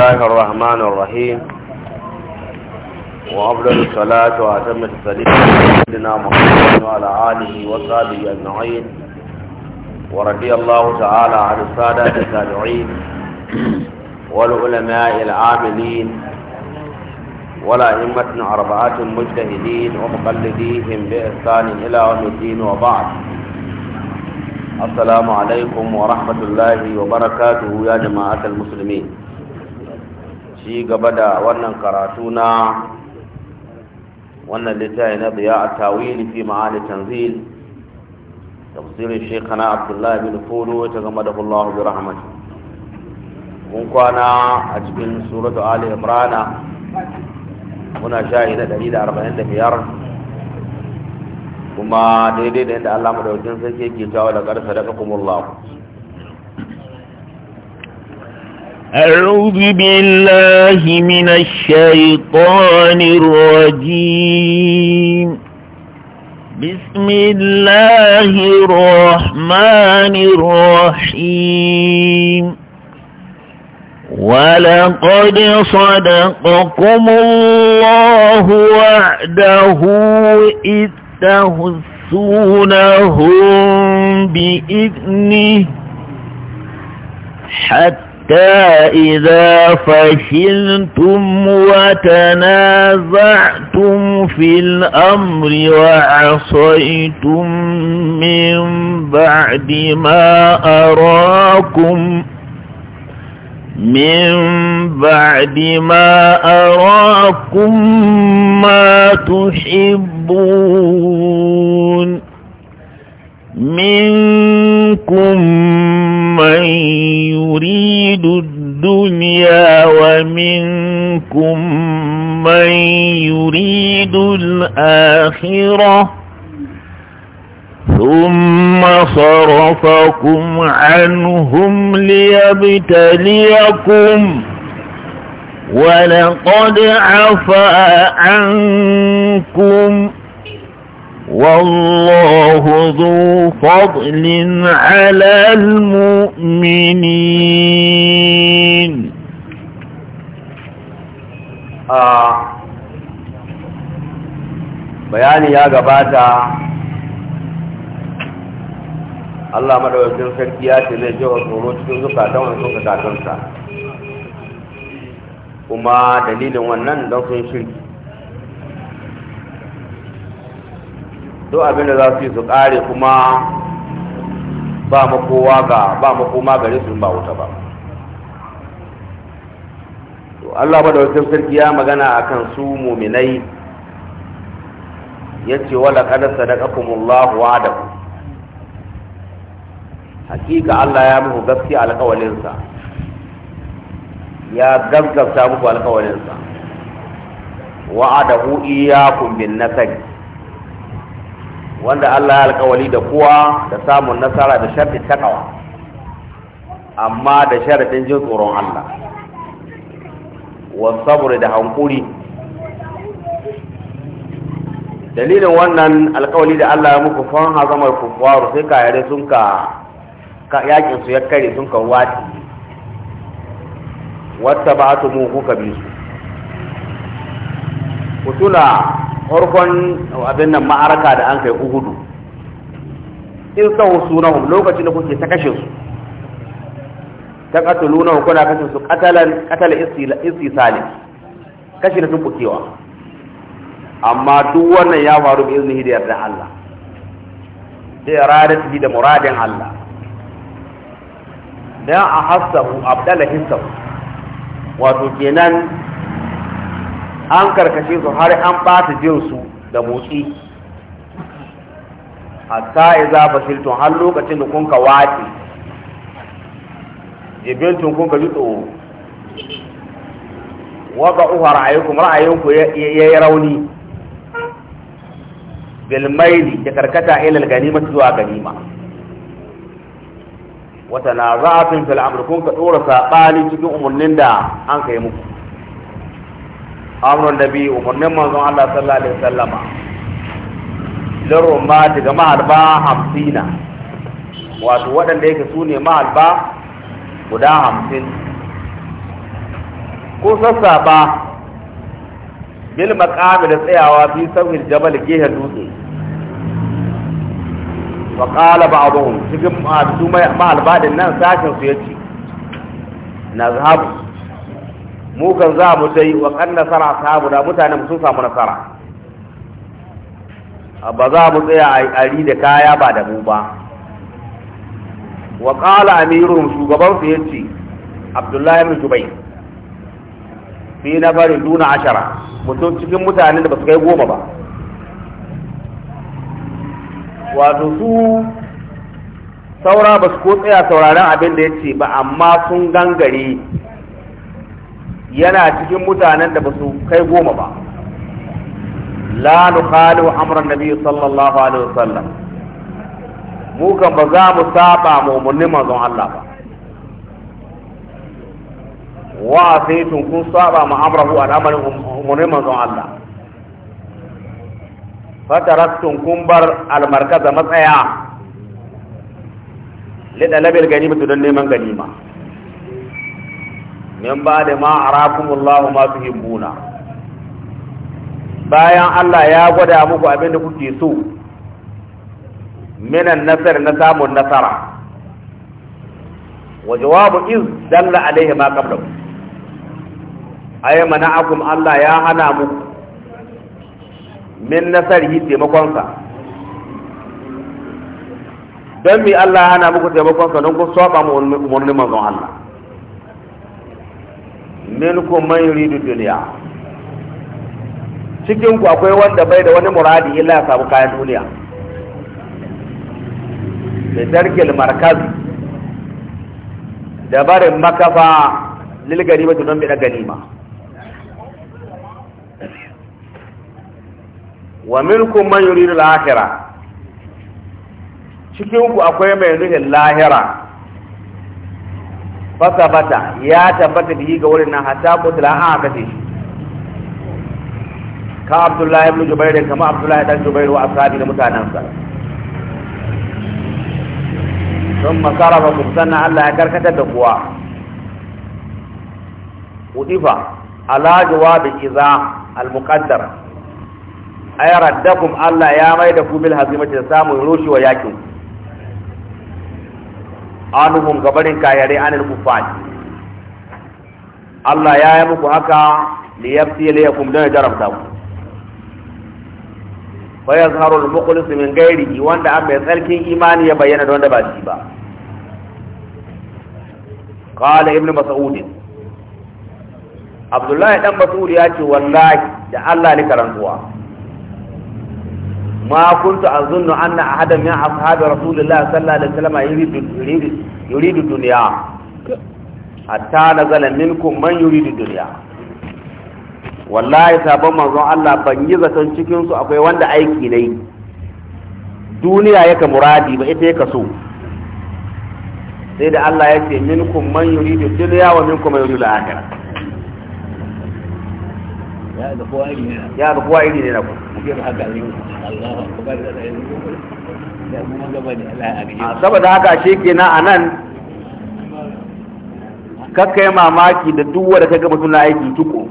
الله الرحمن الرحيم وأفضل الصلاة وأتم التسليم سيدنا محمد وعلى آله وصحبه أجمعين ورضي الله تعالى عن السادة التابعين والعلماء العاملين والأئمة أربعة مجتهدين ومقلديهم بإحسان إلى يوم الدين وبعد السلام عليكم ورحمة الله وبركاته يا جماعة المسلمين ci gaba da wannan karatu na wannan littafi na biya a tawili fi ma'ani tanzil tafsirin shekana abdullahi bin fulu ta gama da kullahu bi rahmatu mun kwana a cikin suratu ali imrana muna sha'i na ɗari da arba'in da biyar kuma daidai da yadda allah madaukin sarki ke cewa da ƙarfa da kakumullahu أعوذ بالله من الشيطان الرجيم بسم الله الرحمن الرحيم ولقد صدقكم الله وعده إذ تهسونهم بإذنه حتى حتى إذا فشلتم وتنازعتم في الأمر وعصيتم من بعد ما أراكم من بعد ما أراكم ما تحبون منكم من يريد الدنيا ومنكم من يريد الآخرة ثم صرفكم عنهم ليبتليكم ولقد عفى عنكم والله ذو فضل bayani ya gabata Allah madawacin sarki ya ce zai jewa tsoro cikin zukatan wani sun kakansa kuma dalilin wannan don sun shirki duk abin da za su yi su kare kuma ba makowa ga ba makoma gare su ba wuta ba to Allah ba da wasu sarki ya magana akan su muminai ya yace wala qad sadaqakumullahu wa'adahu hakika Allah ya muku gaskiya alƙawalinsa ya gaskata muku alƙawalinsa wa'adahu iyyakum bin nasari wanda Allah ya alkawali da kowa da samun nasara da sharɗin takawa amma da sharɗin jin tsoron Allah saboda da hankuri dalilin wannan alkawali da Allah ya muku fan hazamar kufaru sai yare sun ka yakin su ya kare sun ka wati wata ba su mu kuka bi su ku tuna farkon abin nan ma'araka da an kai uhudu in sau sunahum lokacin da kuke ta kashe su ta katuluna ku kuna kashe su katalan katal istisali kashe da sun bukewa amma duk wannan ya faru bi iznihi da yardan Allah da iradatihi da muradin Allah dan a hassahu abdala hissahu wato kenan an karkace su har an jin jinsu da motsi hatta iza basiltun har lokacin da kun ka wace jibintun kun ka ji waka uha ra'ayinku ra'ayinku ya yi rauni bilmaili ya karkata ilal ganima zuwa ganima wata na za'afin fil kun ka ɗora saɓani cikin umarnin da an ka muku da biyu umarnin manzon Allah sallallahu alaihi wasallama lirrun ma daga mahalba hamsina wato waɗanda yake su ne mahalba guda hamsin ko sassaɓa bil makami da tsayawa fi sauhin jabal gehe dutse wa ƙala ba abubuwan cikin mahalba din nan sashen su ya ce na zahabu mu kan za mu dai wa kan nasara sabu da mutane sun samu nasara ba za mu tsaya a ari da kaya ba da mu ba wa qala amirun shugaban su yace abdullahi ibn zubayr fi nafari duna ashara mutum cikin mutanen da ba su kai goma ba wato su saura ba su ko tsaya sauraron abin da ya ce ba amma sun gangare yana cikin mutanen da ba su kai goma ba la nukhalu amran nabi sallallahu alaihi wasallam mu kan ba za mu saba mu munni manzon Allah ba wa sai tun kun saba mu amrahu al'amarin munni manzon Allah fataraktun kun bar almarkaza matsaya lidalabil ganimatu don neman ganima min ba da ma arakumullahu ma tuhibbuna bayan Allah ya gwada muku abin da kuke so minan nasar na samun nasara wa jawabu iz dalla alaihi ma qabla ayyama na'akum Allah ya hana muku min nasar taimakon taimakonsa don mi Allah ya hana muku taimakonsa don ku saba mu umarnin manzon Allah minkum man yuridu dunya cikin ku akwai wanda bai da wani muradi illa ya samu kayan duniya da darkil markaz da barin makafa lil ganima tunan bi da ganima wa minkum man yuridu al-akhirah cikin ku akwai mai nuhin lahira bata, ya tabbata yi ga wurin nan hatta kutla an aka ce ka abdullahi ibn jubair kama abdullahi dan jubair wa ashabi da mutanansa ثم صرفكم سنة الله يكركت دقوا وضيفا على جواب إذا المقدر أي ردكم الله يا ميدكم بالهزيمة سامو يروش وياكم anuhum gabarin kayare anil kufar Allah ya yi muku haka li yafti layakum ya jarabta ku fa yazharu al muqlis min ghairihi wanda an bai tsarkin imani ya bayyana da wanda ba shi ba qala ibnu mas'ud Abdullahi dan Mas'ud ya ce wallahi da Allah ne karantuwa ما كنت أظن أن أحدا من أصحاب رسول الله صلى الله عليه وسلم يريد يريد يريد الدنيا حتى نزل منكم من يريد الدنيا wallahi sabon manzon Allah ban yi zaton cikin akwai wanda aiki ne duniya yaka muradi ba ita yaka so sai da Allah ya ce minkum man yuridu dunya wa minkum man yuridu al-akhirah Ah, saboda haka shi kenan a nan kakka yi mamaki da duk wanda ka mutum na aiki tuko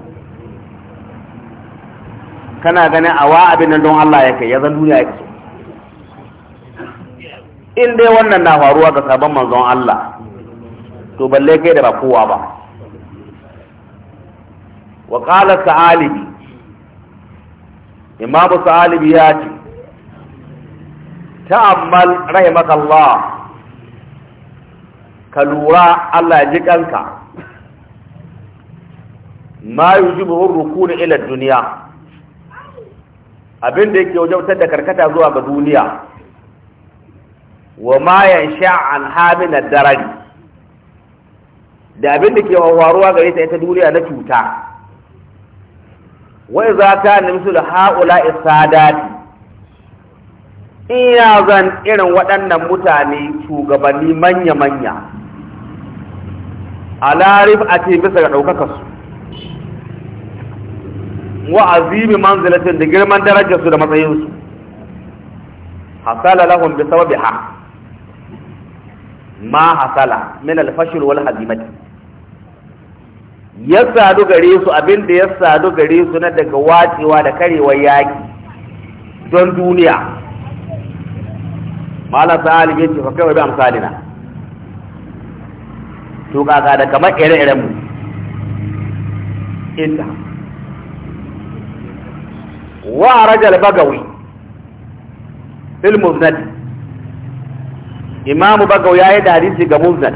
kana ganin awa abin nan don Allah ya kai ya zan duniya ya in dai wannan na faruwa ga sabon manzon Allah to balle kai da ba kowa ba wa qala imamu salibi ya ce ta'ammal rahimakallah ka lura Allah ya ji kanka ma yujibu ila duniya abin da yake wajabtar da karkata zuwa ga duniya wa ma yansha an hamin ad-darari da abinda ke wawaruwa gare ta ita duniya na cuta wai za ka nimsu da haula isadati in ya zan irin waɗannan mutane shugabanni manya-manya a larif a ce bisa ga ɗaukakarsu wa azimi manzilatin da girman darajarsu da matsayinsu hasala lahum bi sababiha ma hasala min al wal hazimati ya sadu gare su abin da ya sadu gare su na daga wacewa da karewar yaki don duniya malam sa'alim ya ce fa kawai bi amsalina to kaka da kamar ire-iren mu inda wa rajal bagawi fil muznad imamu bagawi ya yi darisi ga muznad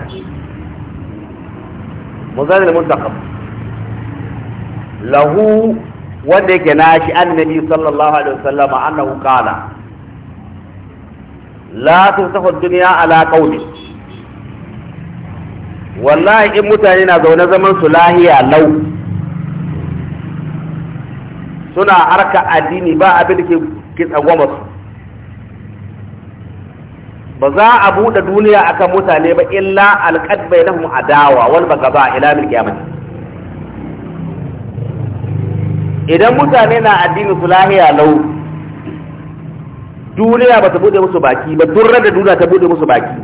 muznad al-muntaqab lahu wanda yake nashi annabi sallallahu alaihi wasallam annahu qala la tusahu dunya ala qawli wallahi in mutane na zaune zaman su lahiya lau suna harka addini ba abin da ke tsagwama su ba za a buɗe duniya akan mutane ba illa alƙad bainahum adawa wal bagaba ila mil qiyamah idan mutane na addini su lahiya lau duniya ba ta bude musu baki ba durra da duniya ta bude musu baki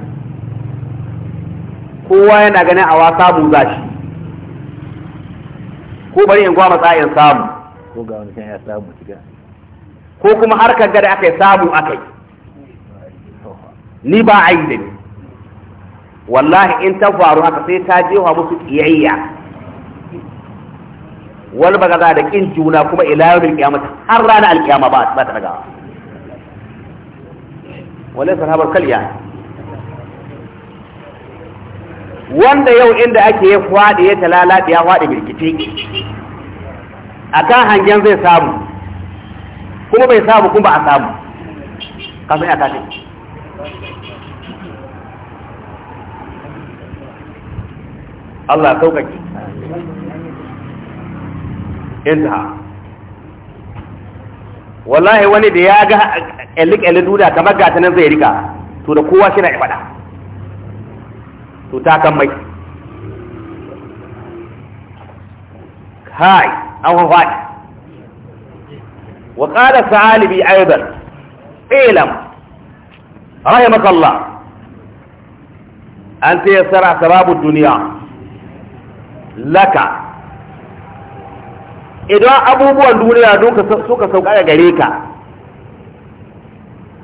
kowa yana ganin a wasa mu za shi ko bari in gwama tsayin samu ko ga wani ya samu shiga ko kuma harkar gada aka yi samu aka yi ni ba a yi da ni wallahi in ta faru haka sai ta jefa musu iyayya. wal bagaza da kin juna kuma ila yawmil qiyamah har rana al qiyama ba ba ta daga wala sahabar kalya wanda yau inda ake ya fadi ya talala ya fadi birkice akan hangen zai samu kuma bai samu kuma ba a samu kafin a kafin Allah sauƙaƙe intaha wallahi wani da ya ga ƙyalli ƙyalli duda kamar gata nan zai rika to da kowa shi na faɗa to ta kan mai kai an faɗi wa ƙada sa'alibi aibar ilam rahimakallah an ya yassara sababin duniya laka idan abubuwan duniya suka sauka ga gare ka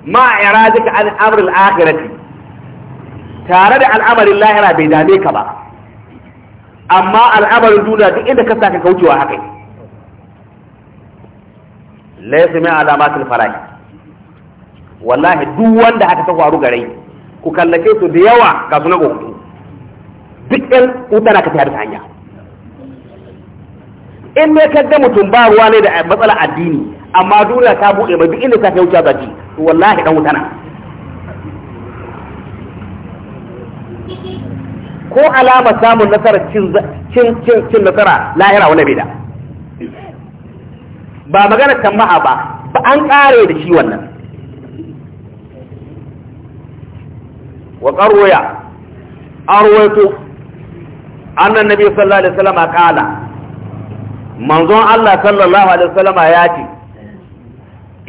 ma iradika an amrul akhirati tare da al'amarin lahira bai dame ka ba amma al'amarin duniya duk inda ka saka kaucewa haka laysa min alamatil farai wallahi duk wanda aka ta faru gare ku kallake su da yawa ga sunan hudu duk yan wuta na ka tayar hanya in ne ka ga mutum ba ruwa ne da matsala addini amma duniya ta buɗe ba duk inda ta kai wuce ji wallahi dan wutana ko alama samun nasara cin cin cin nasara lahira wani bai ba magana tambaha ba ba an kare da shi wannan wa qarwaya arwaytu anna nabiy sallallahu alaihi wasallam qala manzon Allah sallallahu alaihi wasallama ya ce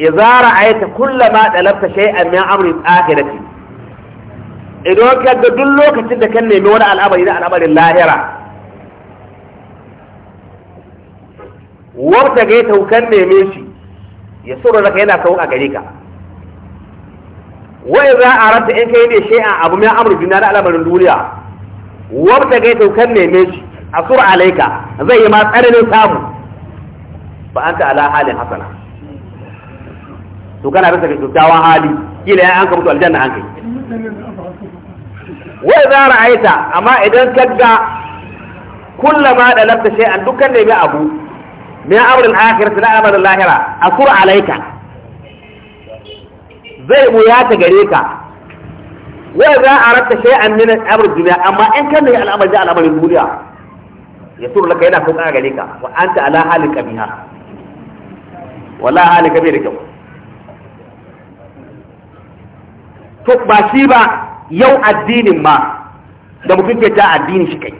idza ra'aita kullama dalabta shay'an min amri akhirati idan ka ga duk lokacin da kan nemi wani al'amari na al'amarin lahira wata ga ta kan neme shi ya sura zaka yana kawo a gare ka wa idza arata in kai ne shay'an abu min amri dunya da al'amarin duniya wata ga ta kan neme shi asur alaika zai yi ma tsananin samu ba an ta ala halin hasana to kana rasa kyakkyawan hali kila ya an ka mutu aljanna an kai wai za ra'aita amma idan kagga ma da lafta shay'an dukkan da ya abu min amrul akhirati la amal lahira asur alaika zai buya ta gare ka wai za a rata shay'an min amrul dunya amma in kan ne al'amari da al'amarin duniya ya suru laka yana sauka gare ka wa anta ala halin kabiha wala halin kabiha da kyau to ba shi ba yau addinin ma da mutum ke ta addini shi kai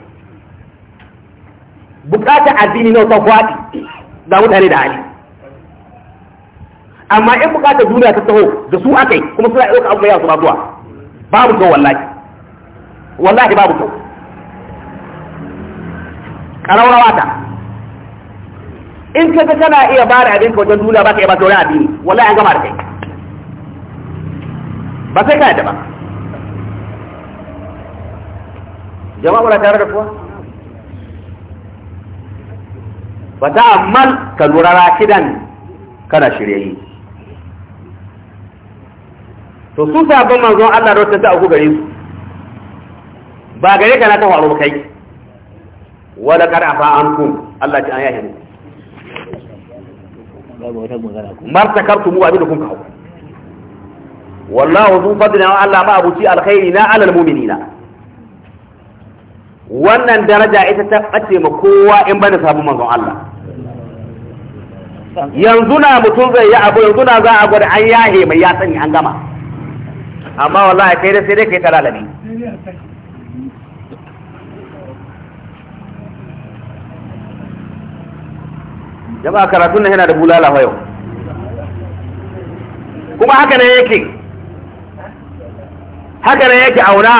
bukata addini na ta faɗi da mutane da hali amma in bukata duniya ta taho da su akai kuma suna ɗauka abu mai yasu ba zuwa babu kyau wallahi wallahi babu kyau ƙararrawa in ka ga tana iya ba da abinka wajen duniya ba ka iya ba sauran addini wallahi an gama da kai ba sai ka yadda ba jama'a wala tare da kuwa ba fata'ammal ka lura rakidan kana shiryayi to su sabon manzon Allah da wata ta uku gare su ba gare ka na ta faru kai wala kar afa ankum Allah ta ayahi ne babu wata magana ku martakartum wa abin kun kawo wallahu zu fadlina wa Allah ma abuci alkhairi na alal mu'minina wannan daraja ita ta bace ma kowa in bada sabon manzon Allah yanzu na mutum zai yi abu yanzu na za a gwada an yahe mai ya sani an gama amma wallahi kai da sai dai kai ta lalabi jama'a karatun nan yana da bulala yau kuma haka ne yake haka ne yake auna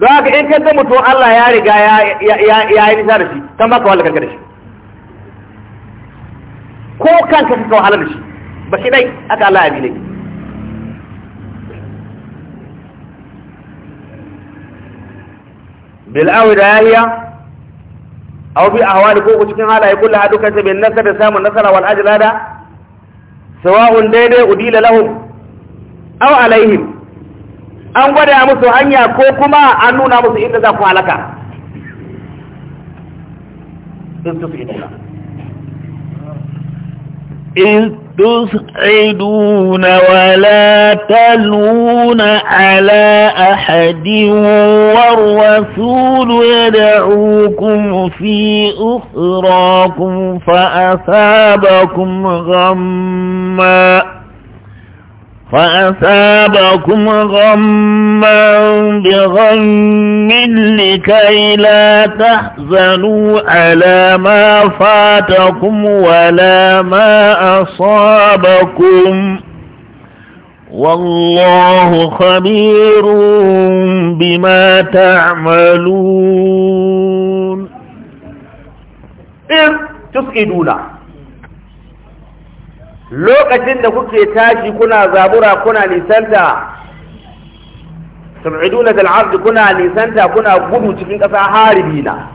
don haka in kan mutum Allah ya riga ya yi nisa da shi kan baka wahala kanka da shi ko kanka kaka wahala da shi ba shi dai aka Allah ya bi ne bil'awu da yahiya aw bi ahwali ko ku cikin halaye kullu ha dukkan bin da samun nasara wal ajlada da sawa'un daidai udila lahum aw alaihim an gwada musu hanya ko kuma an nuna musu inda za ku halaka in تسعدون ولا تلون على أحد والرسول يدعوكم في أخراكم فأثابكم غمّا فأثابكم غما بغم لكي لا تحزنوا على ما فاتكم ولا ما أصابكم والله خبير بما تعملون إذ تفقدون lokacin da kuke tashi kuna zabura kuna nisanta tab'iduna dal ard kuna nisanta kuna gudu cikin ƙasa haribina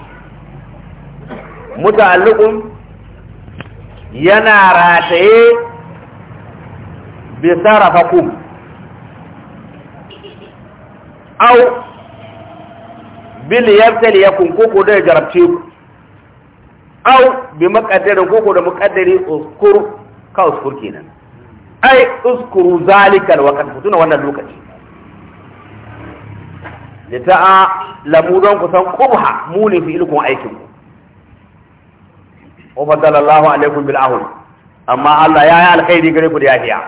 muta'alliqun yana rataye bi sarafakum aw bil yabtaliyakum ko da jarabce ku aw bi maqaddarin koko da muqaddari ukur ka uskur kenan ai uskuru zalikal waqt ku tuna wannan lokaci da ta lamu don ku san qubha muni fi ilkun aikin ku wa fadalallahu alaikum bil ahul amma Allah ya yi alkhairi gare ku da yafiya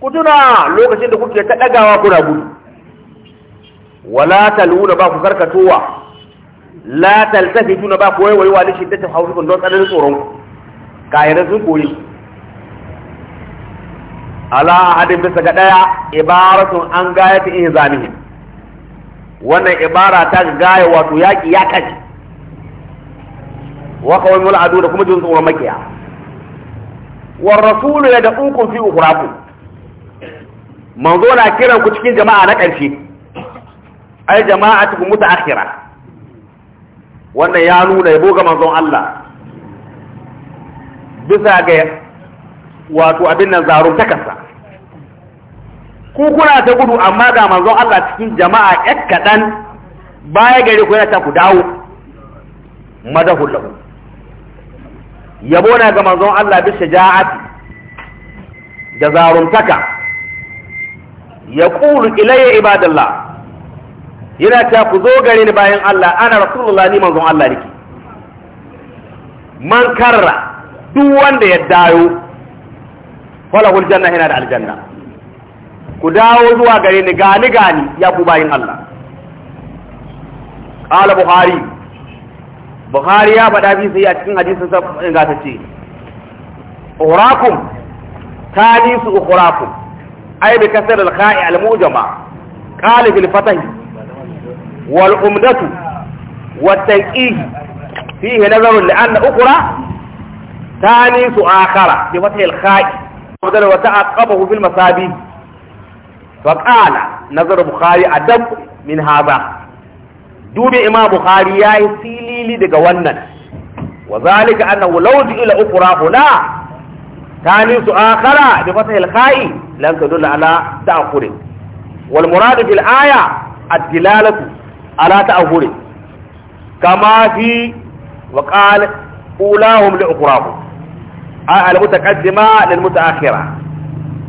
ku tuna lokacin da kuke ta dagawa kuna gudu wala taluna ba ku karkatowa la taltafituna ba ku waiwaiwa shi shiddatin hausukum don tsananin tsoron ku kahirai sun koyi ala hadin bisa ga daya ibaratun an gaya ta in zamihi wannan ibara ta ga gaya wato yaki ya kashi wa kawai adu da kuma jin tsoron makiya wa rasulu ya da ukun fi ukuraku manzo na kiran ku cikin jama'a na ƙarshe ai jama'a cikin wannan ya nuna yabo ga manzon Allah bisa ga wato abin nan zarun takasa, ku kuna ta gudu amma ga manzon Allah cikin jama'a ƴan kaɗan baya gari ku ta ku dawo madahul lahu yabo na ga manzon Allah bi shaja'ati da zarun taka ya yaqulu ilayya ibadallah yana ta ku zo gare ni bayan Allah ana rasulullahi manzon Allah nake man karra duk wanda ya dayo falahul janna yana da aljanna ku dawo zuwa gare ni gani gani ya ku bayin Allah qala bukhari bukhari ya faɗa bi sai a cikin hadisin sa ga ta ce urakum hadisu ukhrakum ay bi kasr al kha'i al mujama qala fil fatah wal umdatu wa tanqih fihi nazarun li anna ukhra ثاني آخر بفتح الخاء بدل وتعقبه في المصابيح فقال نظر بخاري أدب من هذا دوب إمام بخاري يا سيلي لدغ ونن وذلك أنه لو جئل أخرى هنا ثالث آخر بفتح الخاء لن تدل على تأخره والمراد في الآية الدلالة على تأخره كما في وقال أولاهم لأخراهم a al-mutaqaddima lil mutaakhira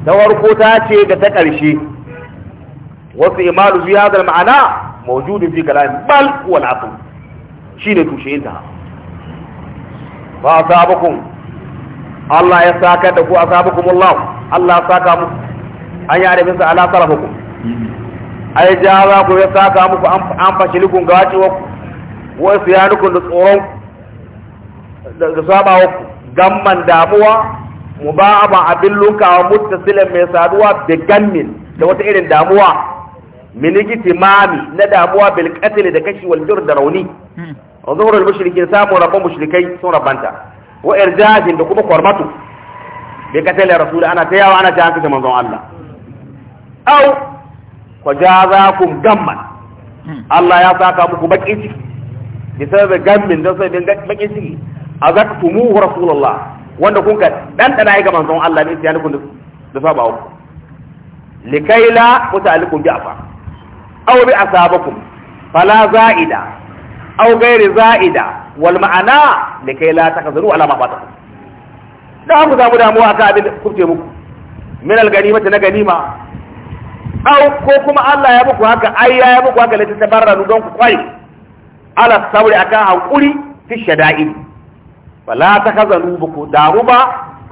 ta warko ta ce ga ta karshe wasu imalu fi hadha al-ma'ana mawjudun fi kalam bal wal aql shine tushen ta fa asabakum Allah ya saka da ku asabakum Allah Allah ya saka mu an yi arabin sa ala sarafakum ai jaza ku ya saka muku an fashilikun gawacewa ku wasu yanukun da tsoron da sabawa ku gamman damuwa mu muba'aba abin lokawa muttasilin mai saduwa da gannin da wata irin damuwa minigiti mami na damuwa bil qatl da kashi wal da rauni hmm. wa zuhur al samun rabon rabban mushrikai sun rabanta wa irjajin da kuma kormatu bi qatl rasul ana ta yawa ana ta hankali manzon Allah au ko jazakum gamman hmm. Allah ya saka muku bakin ciki bi sabab gammin da sai baƙin ciki azaktumuhu rasulallah wanda kun ka dandana ga manzon Allah ne sai kun da saba ku likaila mutalikum bi afa aw bi asabakum fala za'ida aw ghairi za'ida wal ma'ana likaila takazuru ala ma fatakum da ku samu damuwa aka abin kubce muku min al ganimati na ganima aw ko kuma Allah ya muku haka ai ya muku haka lati tabarranu don ku kwai ala sabri akan hankuri fi shada'id wala ta kaza ba ku damu ba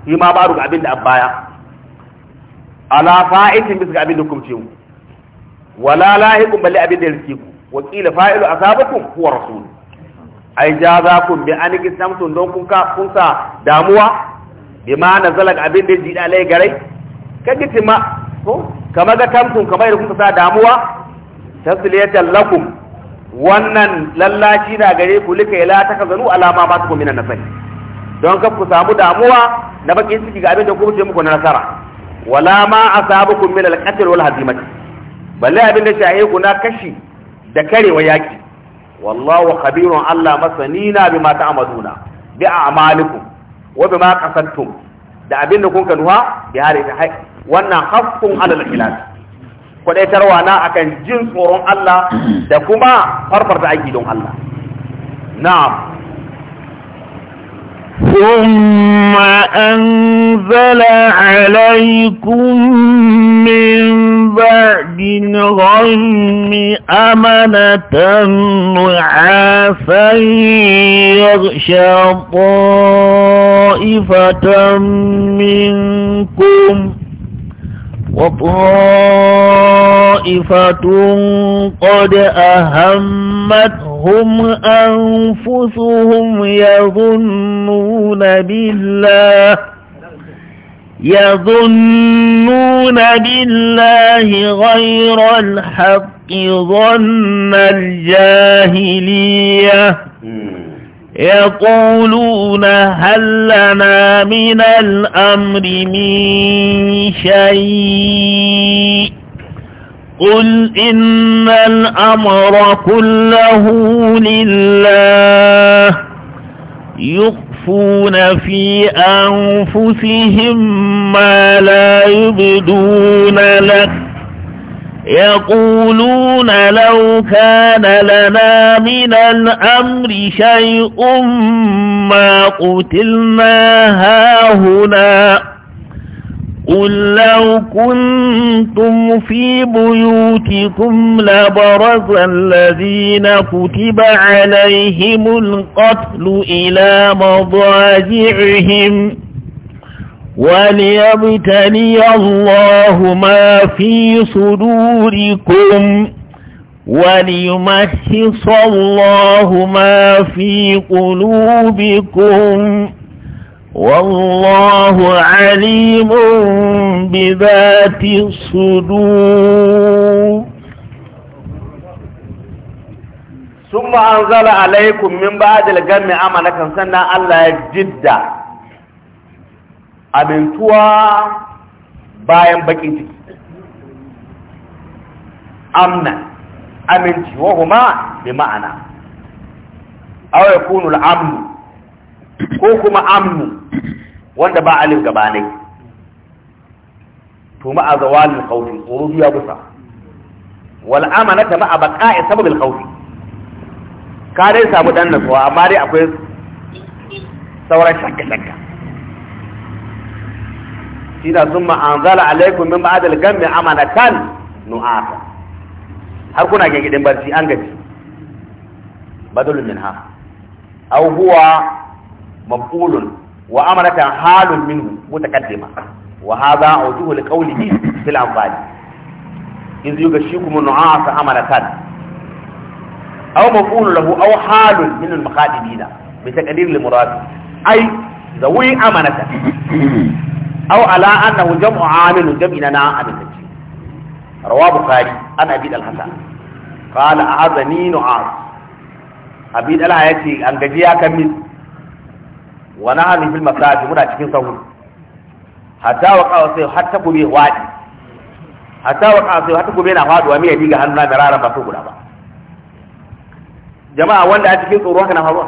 yi ma ba ga abin da an baya ala fa'itin bisa ga abin da kuma ce wala lahiqun balli abin da ya riske ku wa qila fa'ilu asabakum huwa rasul ai jazakum bi an kisamtum don kun ka kun sa damuwa bi ma nazala abinda abin da ji da lai garai giti ma ko Kamar ga tamkun kamar kun sa damuwa tasliyatan lakum wannan lallaci na gare ku lika ila takazanu alama ba ku minan nafai don ka ku samu damuwa na baki ciki ga abin da kuma ce muku na nasara wala ma asabukum min al-qatl wal hazimati balle abin da shaye ku na kashi da wa yaki wallahu khabirun Allah masanina bima ta'maluna bi a'malikum wa bima qasadtum da abin da kun ka duha bi hari ta wannan haqqun ala al-khilaf kwadaitarwa na akan jin tsoron Allah da kuma farfarta aiki don Allah na'am ثم أنزل عليكم من بعد الغم أمنة نعافا يغشى طائفة منكم وطائفة قد أهمت هم أنفسهم يظنون بالله يظنون بالله غير الحق ظن الجاهلية يقولون هل لنا من الأمر من شيء قل إن الأمر كله لله يخفون في أنفسهم ما لا يبدون لك يقولون لو كان لنا من الأمر شيء ما قتلنا هاهنا قل لو كنتم في بيوتكم لبرز الذين كتب عليهم القتل إلى مضاجعهم وليبتلي الله ما في صدوركم وليمحص الله ما في قلوبكم والله عليم بذات الصدور ثم أنزل عليكم من بعد الجمع عملكم سنة الله جدا أبنتوا توا باين ciki amna aminci wa بمعنى bi يكون aw ko kuma amnu wanda ba alif gabanai to ma azwal khawfi urudu ya gusa wal amanata ma baqa'i sababil khawfi ka dai samu dan nasuwa amma dai akwai sauran shakka shakka shi da summa anzala alaykum min ba'd al-gammi amanatan nu'ata har kuna gigidin barci an gaji badalun minha aw huwa مفعول وأمرة حال منه متقدمة وهذا أوجه لقوله في الأنفال إذ يغشيكم النعاس أمرة أو مفعول له أو حال من المخاطبين بتقدير المراد أي ذوي أمانة أو على أنه جمع عامل جمعنا عن التجيب رواه بخاري أنا أبيد الحسن قال أعزني نعاس أبيد الحسن أن جزيا كمين wa filma fil masaji muna cikin sahu hatta wa qawa sai hatta gobe wadi hatta wa qawa sai hatta gobe na wa mai diga hannu na mirara ba so guda ba jama'a wanda a cikin tsoro haka na faruwa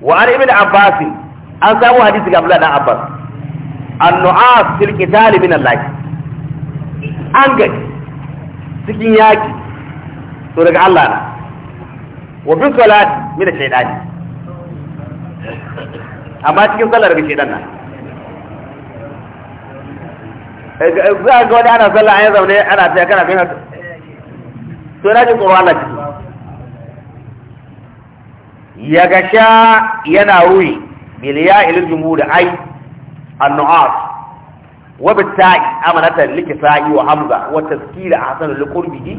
wa an ibn abbas an samu hadisi ga abdullahi dan abbas an nu'as fil qital min allah an gaji cikin yaki to daga Allah na wa bin salat min shaytani amma cikin sallar bi ɗan nan eh, eh, za ga wani ana sallah an yi zaune ana tsaye kana kai to na ji tsoro Allah ciki ya gasha yana ruwi biliya ilil jumhur ai annu'as وبالتاء أمانة لكساء وحمزة وتذكير أحسن لقربه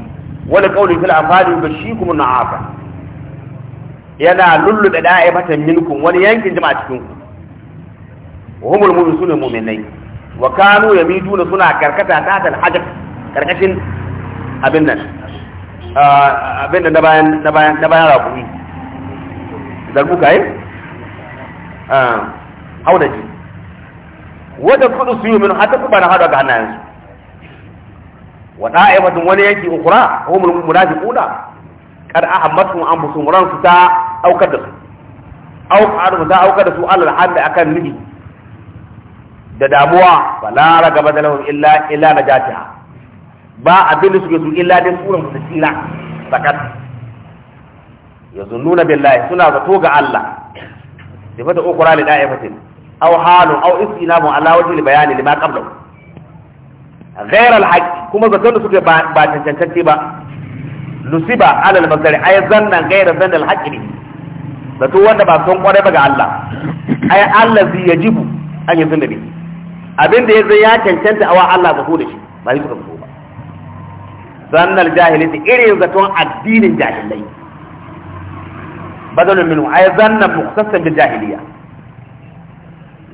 ولقوله في الأنفال يبشيكم النعافة yana lullube da'ibatan minkum wani yankin jama'a cikin ku wahumul mu'minun mu'minai wa kanu yamiduna suna karkata ta tal hajat karkashin abin nan abin da bayan da bayan da bayan rakumi zarbu kai ah ji wada kudu su yi min hatta ku bana hada ga hannayensu wa da'ibatun wani yanki ukura humul munafiquna kar ahammatum anfusuhum ran su ta aukar da su aukar da aukar da su alal hamdi akan nubi da damuwa ba fala ragaba da lahum illa illa najatiha ba abin da suke su illa dai sunan su tsira sakat yazunnuna billahi suna zato ga Allah sifatu ukra li da'ifatin aw halun aw istinamu ala wajhi bayani lima qablahu ghayra al-haqq kuma zaton da suke ba tantance ba nusiba ala al-masdari ay zanna ghayra zanna al-haqq zato wanda ba son kwarai ba ga Allah ai Allah zai yajibu an yi sunna bihi abin da yanzu ya cancanta awa Allah zato da shi ba shi suka zato ba zannal jahilati irin zaton addinin jahilai badalun minhu ay zanna mukhtasan bil jahiliya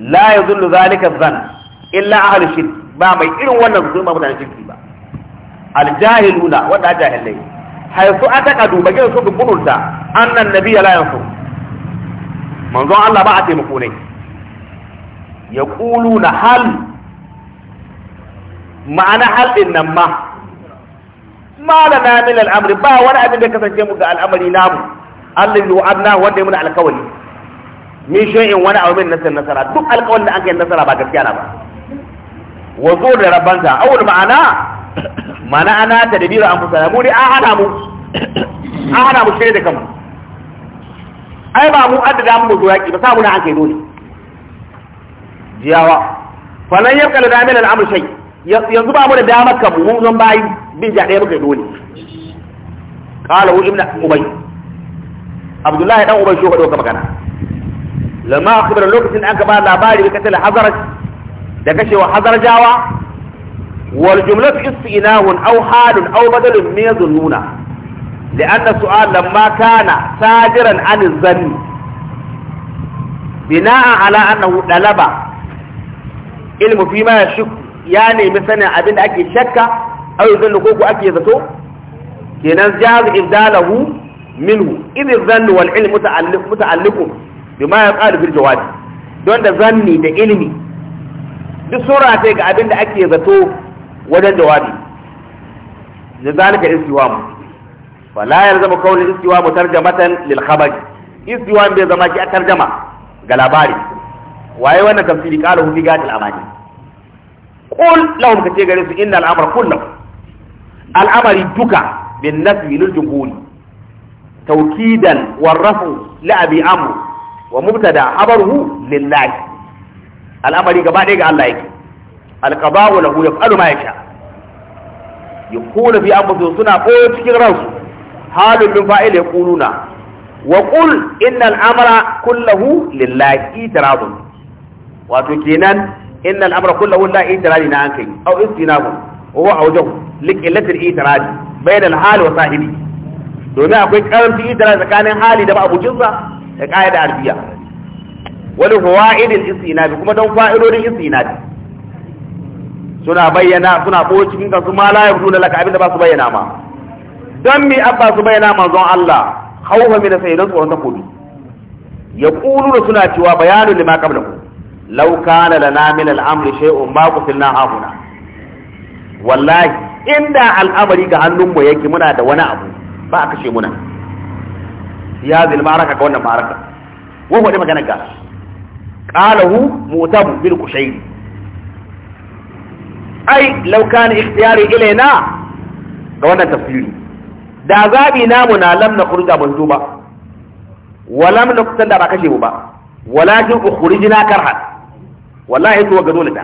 la yadullu zalika zan illa ahli shirk ba mai irin wannan zato ba mutanen shirki ba al jahiluna wanda jahilai a haythu ataqadu bagin su bi kununta annan nabiyya la yansu manzon Allah ba a taimako ne ya ƙulu na hal ma'ana hal ɗin nan ma ma da na min al'amri ba wani abin da ya kasance mu ga al'amari namu Allah yi wa'adna wanda ya muna alkawali min shay'in wani abu min nasar nasara duk alkawalin da an yi nasara ba gaskiya na ba wa zo da rabanta awul ma'ana ma'ana ana tadbiru an fusana mu ne an hana mu an hana mu shirye da kanmu ai ba mu addada mu zo yaki ba sa muna an kai dole jiyawa falan ya kala da milan amr shay yanzu ba mu da damar ka mu zan bayi bin ja daya muka dole qala hu ibnu ubay abdullahi dan ubay shi ka doka magana lamma akhbara lokacin an ka ba labari bi katal hazarat da kashewa jawa. wal jumlatu istinahun aw halun aw badalun min nuna. لأن سؤال لما كان صادرا عن الظن بناء على أنه طلب علم فيما يشك يعني مثلا أبن أكي شك أو يظن كوكو أكي ذاته كنان جاز إبداله منه إذ الظن والعلم متعلق, متعلق بما يقال في الجواب دون ظني ده علمي duk sura ga abin da ake zato wajen jawabi da zalika istiwamu fala yalzamu qawlu istiwa mutarjamatan lil khabar istiwa bai zama ki tarjama ga labari waye wannan tafsiri qala hu fi amani qul lahum kace gare su innal amra kullahu al'amari duka bin nasbi lil jumhuri tawkidan warrafu li abi amr wa mubtada habaruhu lillahi al'amari gaba ɗaya ga Allah yake ma suna ko cikin rasu. halun min fa'il yaquluna wa qul innal amra kullahu lillahi itirazun wato kenan innal amra kullahu lillahi itirazi na an kai au istinabu wa huwa awjahu liqillatil itirazi bayna al hal wa sahibi domin akwai karamci itirazi tsakanin hali da ma'abucinsa da qaida arbiya wani fawaidil istinabi kuma don fa'idodin istinabi suna bayyana suna boye cikin kansu ma la yabdu laka abinda ba su bayyana ma don mi abba su bayyana manzon Allah hauha da sai don tsoron takobi ya kulu suna cewa bayanin lima qabla ku law kana lana min al-amri shay'un ma qutilna hauna wallahi inda al'amari ga hannun mu yake muna da wani abu ba a kashe muna ya zil ma'araka ga wannan ma'araka wa huwa magana ga qalahu mu'tabu bil kushayri ai law kana ikhtiyari ilaina ga wannan tafsiri da zaɓi namu na lam na kurga ban duba, wa walam na kusan da ba kashe mu ba walakin na karha wallahi to ga dole da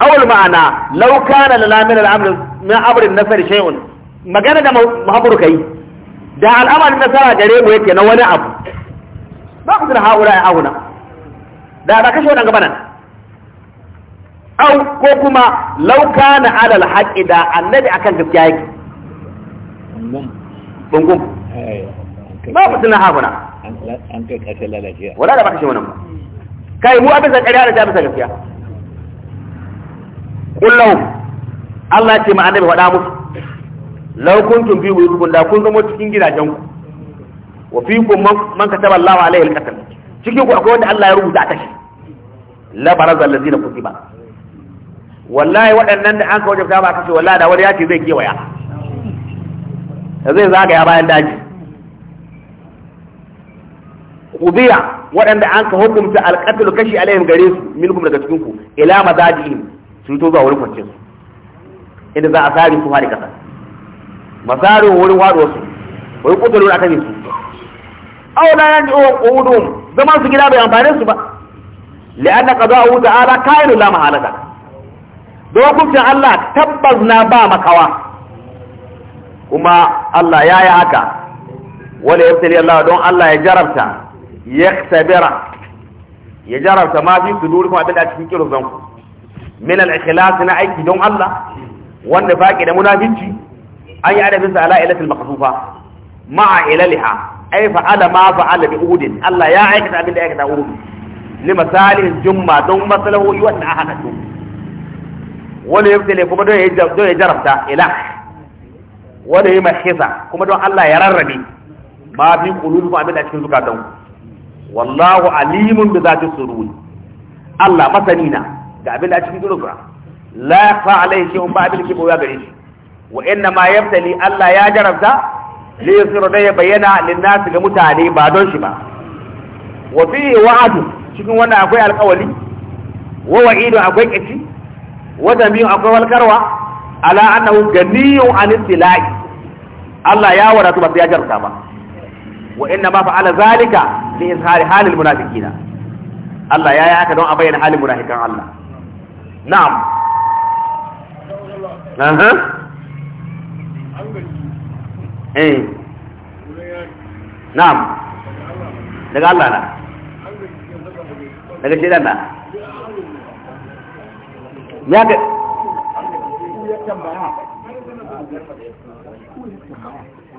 awal ma'ana law kana lana min al-amr min amr an-nasr shay'un magana da muhammadu kai da al'amarin nasara gare mu yake na wani abu ba ku da haura ya auna da ba kashe wannan gabanan au ko kuma law kana ala al-haqqi da annabi akan gaskiya yake bungum ba ku suna hafuna an kai ƙarshen lalaciya wala da ba ka shi wannan ba kai mu abin zakariya da ta bisa gaskiya kullum Allah ce ma annabi faɗa musu law kuntum fi buyutikum da kun zama cikin gidajen ku wa fiikum man kataba Allahu alaihi al-qatl cikin ku akwai wanda Allah ya rubuta aka shi la baraza allazina kutiba wallahi waɗannan da an kawo jabta ba kace wallahi da wani ya ce zai kewaya da zai ya bayan daji kubiya waɗanda an ka hukumta alƙatul kashi alaihim gare su minkum daga cikin ku ila mazajihim su to zuwa wurin kwancin su inda za a sari su hari kasa masarin wurin wado su wai kutulun akan su aw la yanji'u qudum zama su gida bai amfani su ba li'anna qada'u ta'ala kainu la mahalata dokokin Allah tabbas na ba makawa kuma Allah ya yi haka wani ya yabtali Allah don Allah ya jarabta ya sabira ya jarabta ma fi suduri kuma abinda a cikin kiruzan ku min al-ikhlas na aiki don Allah wanda baki da munafici an yi adabin sa ala ilatul maqsufa ma'a ilaliha ay fa'ala ma fa'ala bi udin Allah ya aikata abinda ya aikata udin li masalin jumma don masalahoyi wanda aka hadu wani yabtali kuma don ya jarabta ilah wanda ya mahisa kuma don Allah ya rarrabe ma fi qulubikum abin da cikin zukatan wallahu alimun bi zati sururi Allah masani na ga abin da cikin zukatan la fa alaihi shay'un ba abin da ke boya gare shi wa inna ma yabtali Allah ya jarabta li yusira da ya bayyana lin nas ga mutane ba don shi ba wa fi wa'adu cikin wannan akwai alƙawari wa wa'idu akwai kici wa damiyu akwai walkarwa ala annahu ganiyun an istilahi Allah ya wadatu ba sai ya jarta ba wa inna ma fa'ala zalika li izhari halil munafiqina Allah ya yi haka don a bayyana halin munafikan Allah na'am aha eh na'am daga Allah na daga shedan na ya ga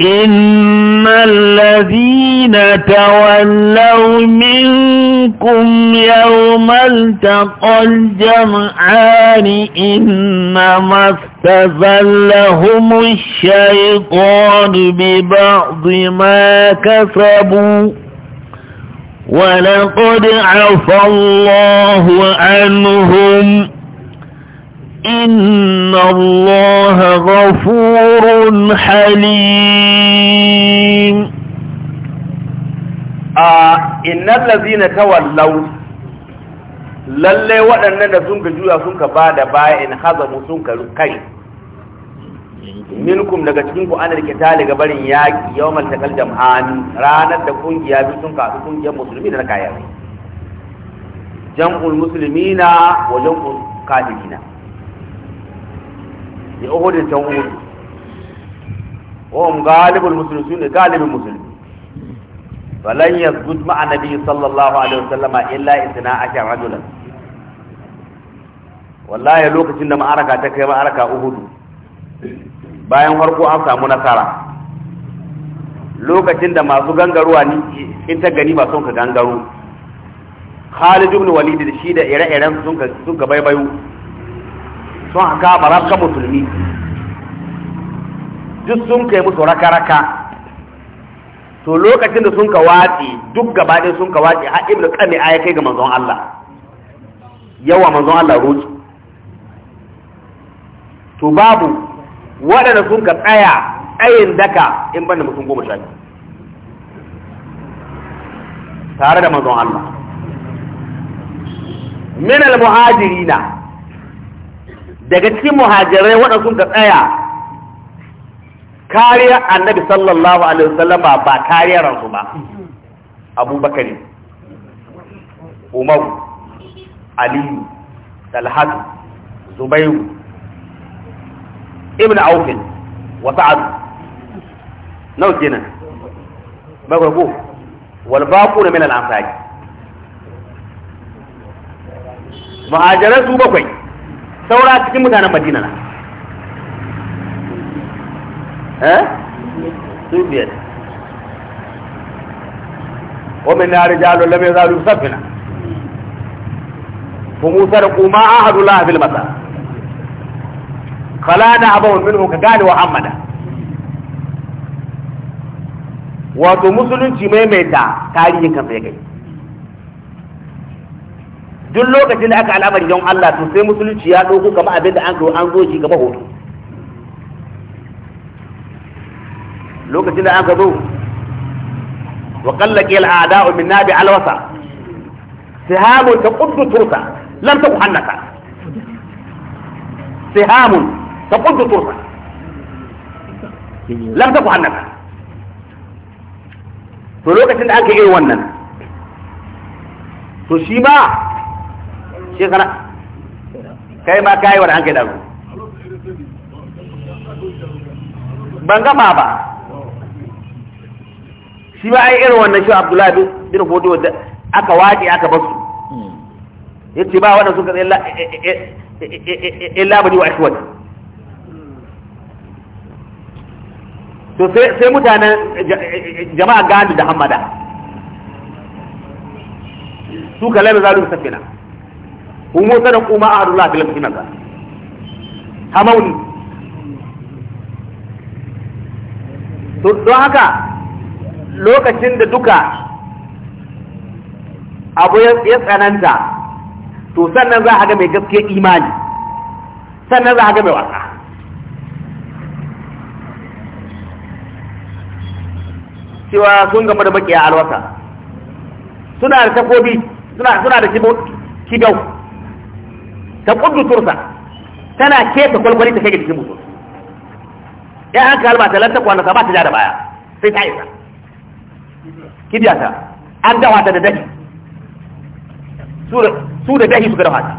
إن الذين تولوا منكم يوم التقى الجمعان إنما استذلهم الشيطان ببعض ما كسبوا ولقد عفى الله عنهم إن الله غفور حليم إن الذين تولوا lalle waɗannan da sun ka juya sun ka ba da baya in minkum daga cikin ku rike rikita ga barin yaƙi yau maltakal jam'ani ranar da kungiya biyu sun kasu kungiyar musulmi na kayan jam'ul musulmina wa jam'ul kafirina da uhudin can uhudu wahum galibin musulmi su ne galibin musulmi falan yasbut ma'a nabi sallallahu alaihi wasallam illa isna ashar rajulan wallahi lokacin da ma'araka ta kai ma'araka uhudu bayan farko an samu nasara lokacin da masu gangarwa ni in ta gani ba sun ka gangaro Khalid ibn Walid shi da ire-iren sun ka sun ka baibayu sun haka baraka musulmi duk sun kai musu raka-raka to lokacin da sun ka watsi duk gaba ɗaya sun ka watsi har ibnu qami ya kai ga manzon Allah yawa manzon Allah roki to babu waɗanda sun ka tsaya tsayin daka in banda mutum goma sha tare da manzon Allah min al-muhajirina daga cikin muhajirai waɗanda sun ka tsaya kariyar annabi sallallahu alaihi wasallam ba kariyar ransu ba abubakar umar aliyu talhatu zubairu ibn Aukin, wa sa'ad nau kenan bakwai ko wal baqu amfani, muhajirai su bakwai saura cikin mutanen madina na eh su biyar ومن رجال لم يزالوا يصفنا هم سرقوا ما عهد الله في المساء خلانا أبو منه كقال محمد wato musulunci تاريخ tarihin kansa duk lokacin da aka al'amari don Allah to sai musulunci ya ɗauko kama abin da an zo an zo shi gaba hoto lokacin da aka zo wa qallaqi al-a'da'u min nabi al-wasa ta taquddu tursa lam takhannaka ta taquddu tursa lam hannaka to lokacin da aka yi wannan to shi ba shekara kai ma kayi wani an kai daru ban gama ba shi ba yi irin wannan shi abdullahi bin hoto da aka waƙe aka basu ya ce ba wannan suka tsaye e- e- e- illa bani wa ashwad to sai mutanen jama'a gani da hamada su kalai da zalu safina هم صدقوا ما أهل الله في المسلمين to don haka lokacin da duka abu ya tsananta to sannan za a ga mai gaske imani sannan za a ga mai wasa cewa sun gama da makiya alwasa suna da takobi suna da kibau ta kudu tursa tana keta kwalkwali ta kai ga jikin mutum ya an kalma ta lanta kwana ta ba ta ja da baya sai ta isa kidiya ta an dawa ta da dahi su da dahi suka dawa ta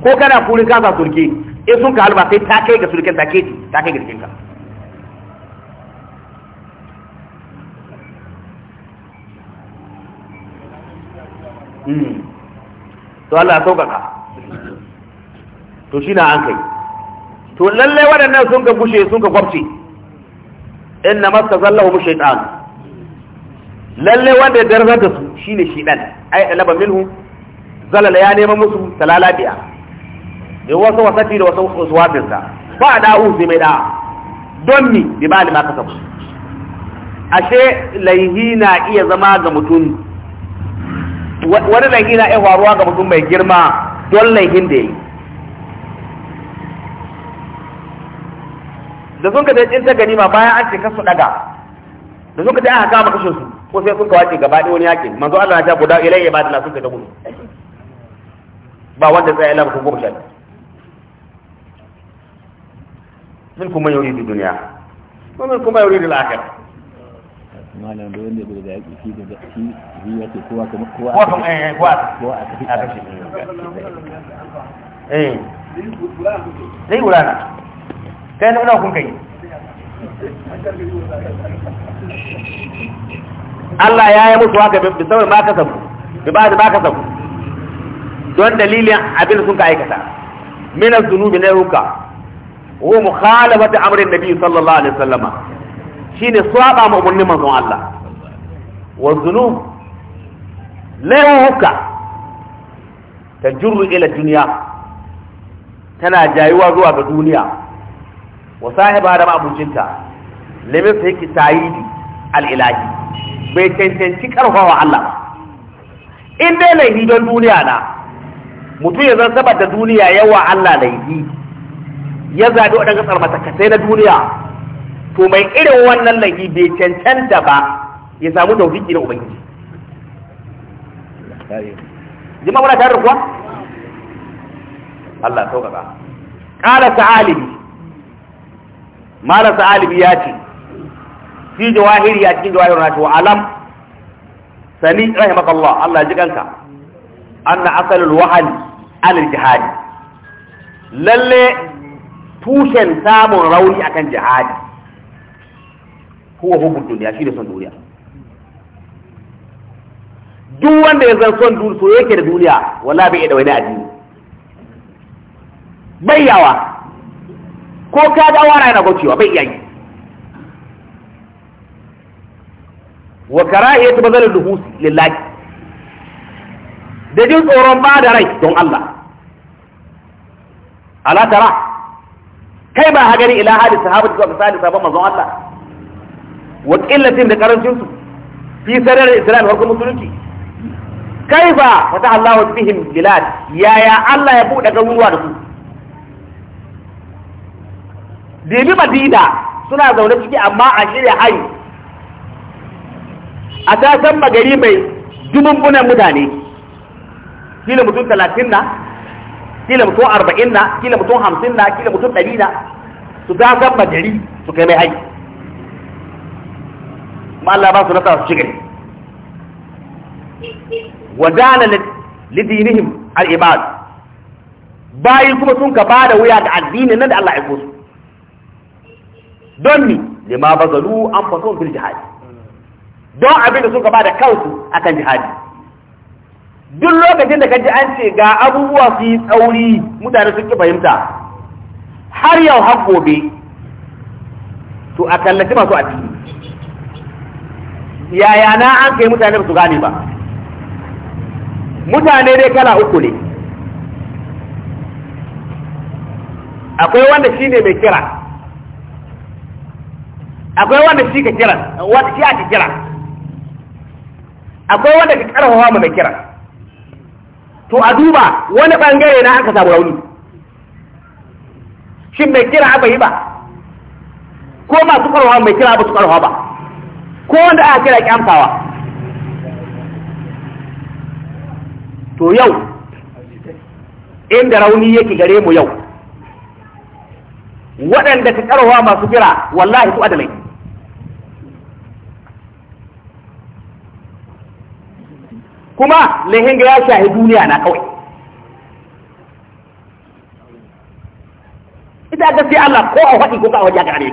ko kana kurin kasa turke in sun ka halba sai ta kai ga surken ta keti ta kai ga jikinka Mm. hmm to Allah ya sauƙaƙa to shi na an kai to lallai waɗannan sun ka gushe sun ka gwabce in na zallahu mu shaitan lallai wanda ya darzar da su shi shi ɗan ai alaba minhu zalala ya neman musu talala biya da wasu wasafi da wasu wasuwafinsa ba a da'u sai mai da'a don mi bi ba ma kasabu ashe laihi na iya zama ga mutum wani laifi na iya faruwa ga mutum mai girma don laifin da ya yi da sun ka in ta ganima bayan an ce kasu daga da sun ka aka kama kashe su ko sai sun kawace gaba ɗaya wani yaƙi manzo Allah na ta guda ilayya ba da na sun ka gudu ba wanda tsaye lamu kuma goma min kuma yuri duniya wa min kuma yuri al-akhirah malam da wanda bai da yaki shi da shi shi yake kowa kuma kowa kowa kuma eh kowa kowa a kashi eh sai wulana kai na kun kai Allah ya yi musu haka bi sauran ma ka sabu bi ba da ba ka sabu don dalilin abin sun ka aikata min az-zunubi na yuka wa mukhalafati amrin nabi sallallahu alaihi wasallama shine saba ma umarnin manzon Allah wa zunub laihuka tajurru ila duniya tana jayuwa zuwa ga duniya wa sahiba da ma'abucinta limin sai ki al-ilahi bai cancanci karfawa Allah in dai laifi don duniya na mutum ya zan saboda duniya yawa Allah laifi ya zaɓi waɗanda tsarmatakatai na duniya to mai irin wannan laifi bai cancanta ba ya samu taufiki na ubangiji jima muna tare kuwa Allah sauka ba. ƙara sa'alibi mala sa'alibi ya ce fi jawahiri a cikin jawahiri na cewa alam sani rahimakallah Allah ji kanka anna asalul wahal alal jihadi lalle tushen samun rauni akan jihadi huwa hubu dunya shi ne son duniya duk wanda ya zan son duniya so yake da duniya wallahi bai da wani addini bai yawa ko ka ga wara yana gocewa bai yayi wa karahiyatu bazal luhus lillahi da jin tsoron ba da rai don Allah ala tara kai ba ha gani ila hadis sahabatu wa misali sabon manzon Allah wa qillatin da karancin su fi sarar Isra'il harkar musulunci kai kaifa fata Allah wa bihim bilad yaya Allah ya buɗe garuruwa da su Dimi Madina suna zaune ciki amma a shirya hari a tasan magari mai dumumbunan mutane kila mutum talatin na kila mutum arba'in na kila mutum hamsin na kila mutum ɗari na su tasan magari su kai mai hari ma Allah ba su nasa su shiga wadana lidinihim al-ibad bayi kuma sun ka bada wuya ga addinin nan da Allah ya aiko su don ni lima bazalu an fasun fil jihadi don abinda sun ka bada kansu akan jihadi duk lokacin da kaji an ce ga abubuwa su yi tsauri mutane sun ki fahimta har yau har gobe to a kallaci masu addini yaya na an kai mutane ba su gane ba mutane dai kala uku ne akwai wanda shi ne mai kira akwai wanda shi ka kira wanda shi ake kira akwai wanda ka karfafa mai kira to a duba wani bangare na aka samu rauni shin mai kira ba yi ba ko masu karfafa mai kira ba su karfafa ba ko wanda aka kira kyamfawa to yau inda rauni yake gare mu yau waɗanda ka karowa masu kira wallahi su adalai kuma lahinga ya shahi duniya na kawai ita sai Allah ko a faɗi ko ka waje ga ne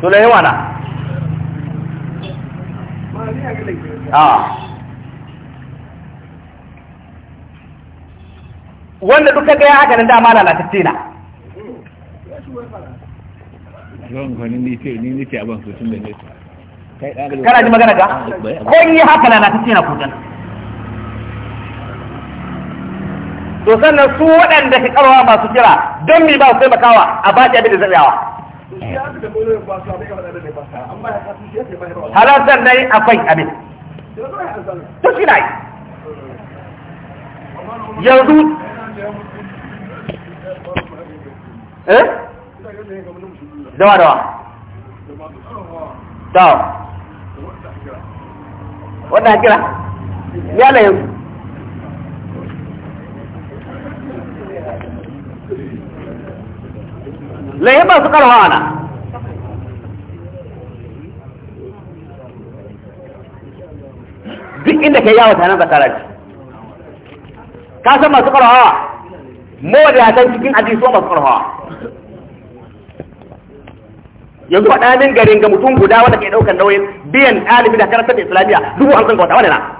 to da yawa na wanda duka gaya haka nan dama lalatacce na yawan kwanin ni ce ni abin sosin da ne kana ji magana ga ko yi haka lalatacce tina kutan to sannan su waɗanda ke karwa masu kira don mi ba su taimakawa a baki abin da zai yawa halartar dai akwai abin to shi nai yanzu eh dawa dawa dawa wadda kira ya laye ba su karwa ana duk inda ka yawo tanan zakarar ka san masu karwa mawadatan cikin hadisi masu karwa yanzu faɗa min garin ga mutum guda wanda ke ɗaukar nauyin biyan ɗalibin da karantar da islamiyya dubu hamsin ga wata wani na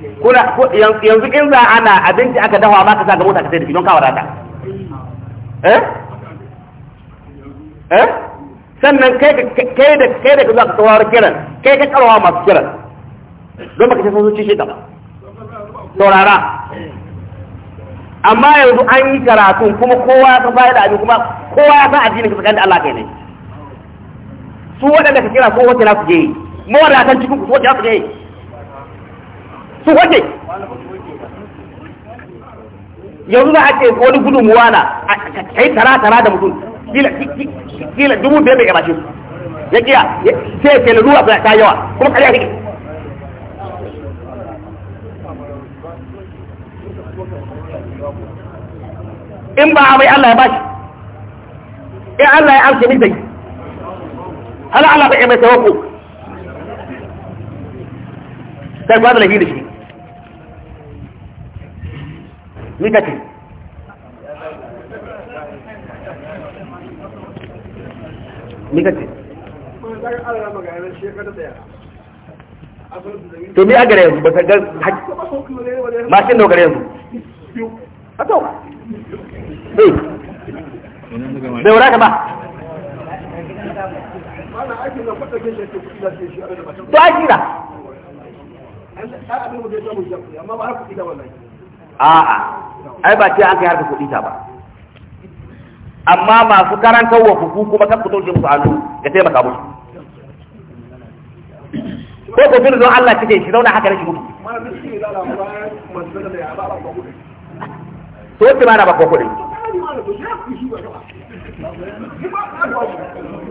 yanzu in za ana abinci aka dawa ma ka sa ga mota ka sai da shi don kawo rata eh eh sannan kai kai da kai da zuwa ka tsawar kiran kai ka karwa masu kiran don baka san zuci shi ba saurara amma yanzu an yi karatu kuma kowa ya san bayar da abin kuma kowa ya san addinin ka tsakanin da Allah kai ne su waɗanda ka kira su wata na su je yi mawadatan cikin ku su wace na su je yi su wace yanzu za a ce wani muwa na a yi tara-tara da mutum kila dubu biyar bai gabashe su ya kiya sai ya kela ruwa ta yawa kuma kariya take in ba a bai Allah ya bashi in Allah ya amsa mita yi hala Allah bai mai tawako sai ba da lafi da shi ni kace ni kace to yanzu ba ta ga mashin da gare yanzu a to ka ba to aiki na a'a ai ba ce an kai harka kuɗi ta ba amma masu karantar wa fuku kuma kan fito jin musu ga ya maka musu ko ko bin don Allah kike shi zauna haka shi mutu to ce ma na ba ko kuɗi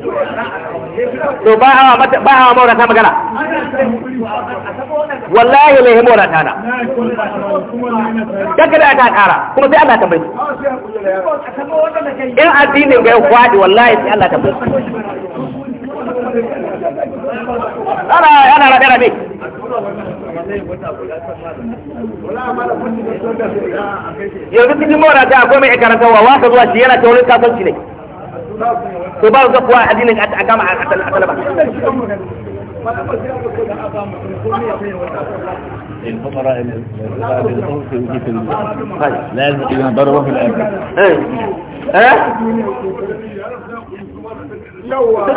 to ba hawa mata ba hawa ta magana wallahi lai maurata na daga da ta kara kuma sai Allah tambaye in addinin ga kwadi wallahi sai Allah tambaye ana ana rabe rabe yanzu cikin ta akwai mai karantarwa wasa zuwa shi yana taurin kasance ne وبرضك واحد ga kuwa addinin a gama الفقراء بالخوف ضربه في طيب. إيه. إيه؟